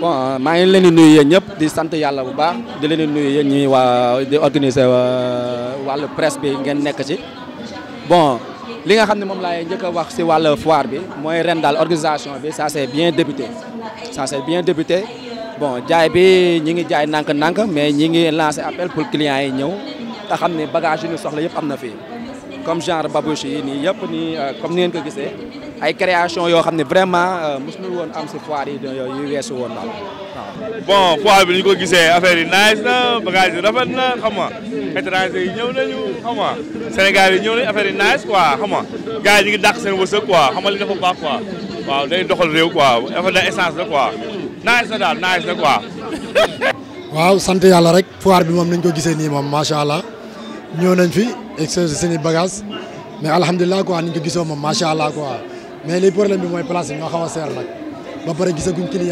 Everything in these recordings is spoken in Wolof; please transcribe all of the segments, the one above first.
bon maa ngi leen di nuyu yéen ñëpp di sant yàlla bu baax di leen di nuyu yéen ñi waa di organiser euh, wàllu presse bi ngeen nekk si bon li nga xam ne moom laay njëkk a wax si wàllu foire bi mooy ren daal organisation bi ça c'est bien débuté ça c'est bien débuté bon jaay bi ñi ngi jaay nank nank mais ñii ngi lancé appel pour clients yi ñëw te xam ne bagage yi ñu soxla yëpp am na fii comme genre babouche yi nii yëpp nii euh, comme ni ngeen ko gisee ay création yoo xam ne vraiment euh, mosul woon am si foire yi yu weesu woon daal waaw. bon foire bi ni ñu ko gisee affaire yi nice na bagage yi na xam nga yi ñëw nañu xam Sénégal yi ñëw nañu affaire yi nice quoi xam nga ñu ngi dàq seen wërsëg quoi xam li dafa baax quoi waaw day doxal réew quoi affaire da essence la quoi nice na daal nice na quoi. waaw sant yàlla rek foire bi moom nañ ñëw nañ fi exposé seen i bagages mais alhamdulilah quoi ni ñu gisoo moom macha allah quoi mais li problème bi mooy place bi ñoo xaw a seer nag ba pare gisaguñ client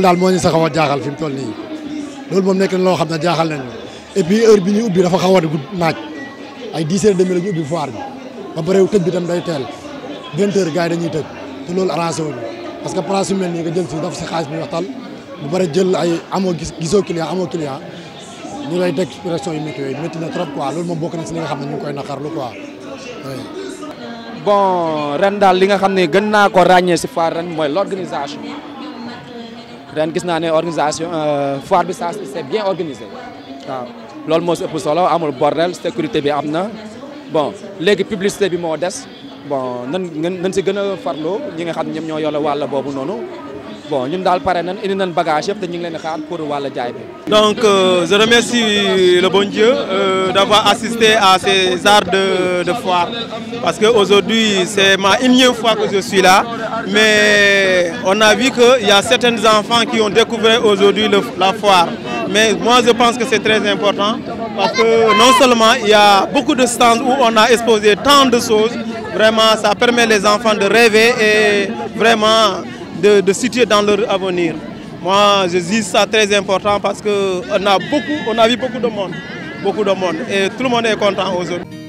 daal moo ñu sa xaw a jaaxal fi mu toll nii loolu moom nekk na xam ne jaaxal nañ et puis heure bi ñuy ubbi dafa xaw a gudd naaj ay dix heures demi la ñu ubbi foire bi ba pare tëj bi tam day teel vingt heures gars yi dañuy tëj te loolu arrangé wuñu parce que place yu mel nii nga jël si daf si xaalis bi waxtal bu pare jël ay amoo gis gisoo client amoo client ñu lay teg pression yu métti yooyu métti na trop quoi loolu moom bokk na si nga xam ne ñu ngi koy naqarlu quoi bon ren daal li nga xam ne gën naa ko ràññee si foire ren mooy l'organisation ren gis naa ne organisation euh, foire bi ça c'est bien organisé waaw loolu moo si ëpp solo amul bordel sécurité bi am na bon léegi publicité bi moo des bon nan nan si gën a farlu ñi nga xam ne ñoom ñoo yore wàll boobu noonu bon ñun daal pare nañ indi nañ bagage yëpp pour wàllu euh, le bon euh, d'avoir assisté à ces de de foire parce que aujourd'hui c'est ma énième fois que je suis là mais on a vu que il a certains enfants qui ont découvert aujourd'hui la foire mais je pense que c'est très important parce que non seulement il y a beaucoup de stands où on a exposé tant de choses vraiment ça permet les enfants de rêver et vraiment de, de dans leur avenir. Moi, je ça très important parce qu'on a beaucoup, on a vu beaucoup de monde, beaucoup de monde, et tout le monde est content aujourd'hui.